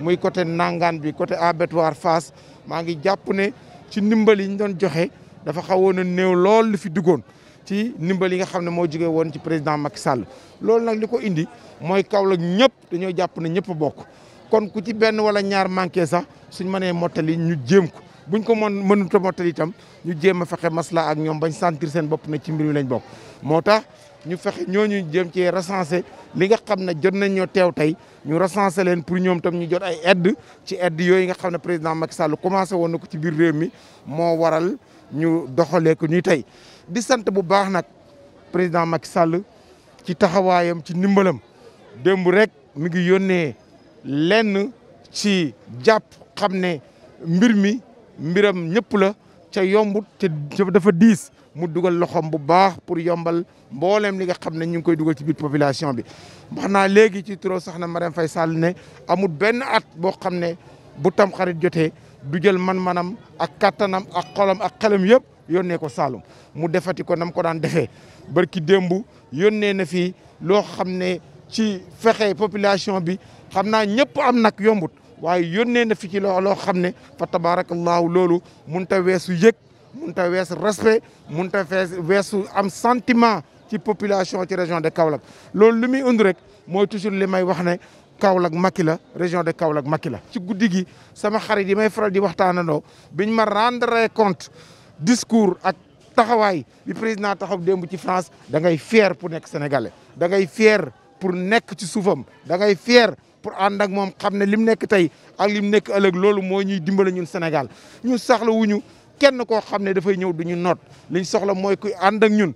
muy côté nangaan bi côté abattoir Fass maa ngi jàpp ne ci ndimbal yi ñu doon joxe dafa xawoon a néew lool li fi duggoon ci ndimbal yi nga xam ne moo jógee woon ci président Macky Sall loolu nag li ko indi mooy Kaolack ñëpp dañoo jàpp ne ñëpp bokk kon ku ci benn wala ñaar manqué sax suñ mënee mottali ñu jéem ko buñ ko mën mënut a mottali itam ñu jéem a fexe masla ak ñoom bañ sentir seen bopp ne ci mbir mi lañ bokk moo tax ñu fexe ñooñu jëm cee recensé li nga xam ne jot nañ ñoo teew tey ñu recensé leen pour ñoom tam ñu jot ay aide ci aide yooyu nga xam ne président Macky Sall commencé woon na ko ci biir réew mi moo waral ñu doxalee ko tey di sant bu baax nag président Macky Sall ci taxawaayam ci ndimbalam démb rek mi ngi yónnee lenn ci jàpp xam ne mbir mi mbiram ñëpp la ca yombut ca dafa diis mu dugal loxoom bu baax pour yombal mboolem li nga xam ne ñu ngi koy dugal ci biir population bi. wax naa léegi ci turo sax na Marème Faye Sall ne amul benn at boo xam ne bu tam xarit jotee du jël man-manam ak kattanam ak xolam ak xelam yëpp yónnee ko Saalum mu defati ko nam ko daan defee barki démb yónnee na fi loo xam ne ci fexe population bi xam naa ñëpp am nag yombut. waaye yónnee na fi ci loo loo xam ne fa tabaarakallaahu loolu mënut a weesu yëg mënut a weesu respect mënut a weesu am sentiment ci population ci région de Kaolack loolu li muy rek mooy toujours li may wax ne Kaolack Macky la région de Kaolack Macky la. ci guddi gi sama xarit yi may faral di waxtaanandoo biñ ma rendre compte discours ak taxawaay bi président taxaw démb ci France da ngay fier pour nekk sénégalais da ngay fier pour nekk ci suufam da ngay fier. pour ànd ak moom xam ne lim nekk tey ak lim nekk ëllëg loolu moo ñuy dimbale ñun Sénégal ñun saxla wuñu kenn koo xam ne dafay ñëw du ñu noot liñ soxla mooy kuy ànd ak ñun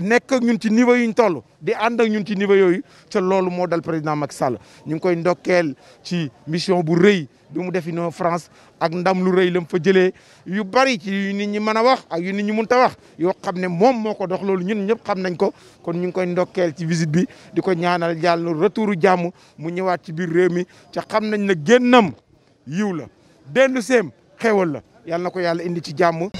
nekk ñun ci yu ñu toll di ànd ak ñun ci niveau yooyu te loolu moo dal président Macky Sall ñu ngi koy ndokkeel ci mission bu rëy bi mu defi noo France ak ndam lu rey la mu fa jëlee yu bari ci yu nit ñi mën a wax ak yu nit ñi mënut a wax yoo xam ne moom moo ko dox loolu ñun ñëpp xam nañ ko kon ñu ngi koy ndokkeel ci visite bi di ko ñaanal jàll retouru jàmm mu ñëwaat ci biir réew mi te xam nañ ne génnam yiw la dellu seem xéewal la yàlla na ko yàlla indi ci jàmm